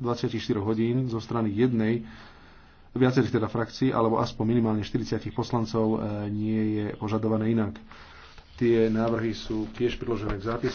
24 hodín zo strany jednej viacerých teda frakcií, alebo aspoň minimálne 40 poslancov e, nie je požadované inak. Tie návrhy sú tiež priložené k zápisu.